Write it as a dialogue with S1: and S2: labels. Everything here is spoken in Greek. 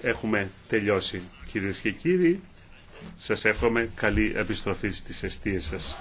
S1: Έχουμε τελειώσει κυρίες και κύριοι. Σας εύχομαι καλή επιστροφή στις αιστείες σας.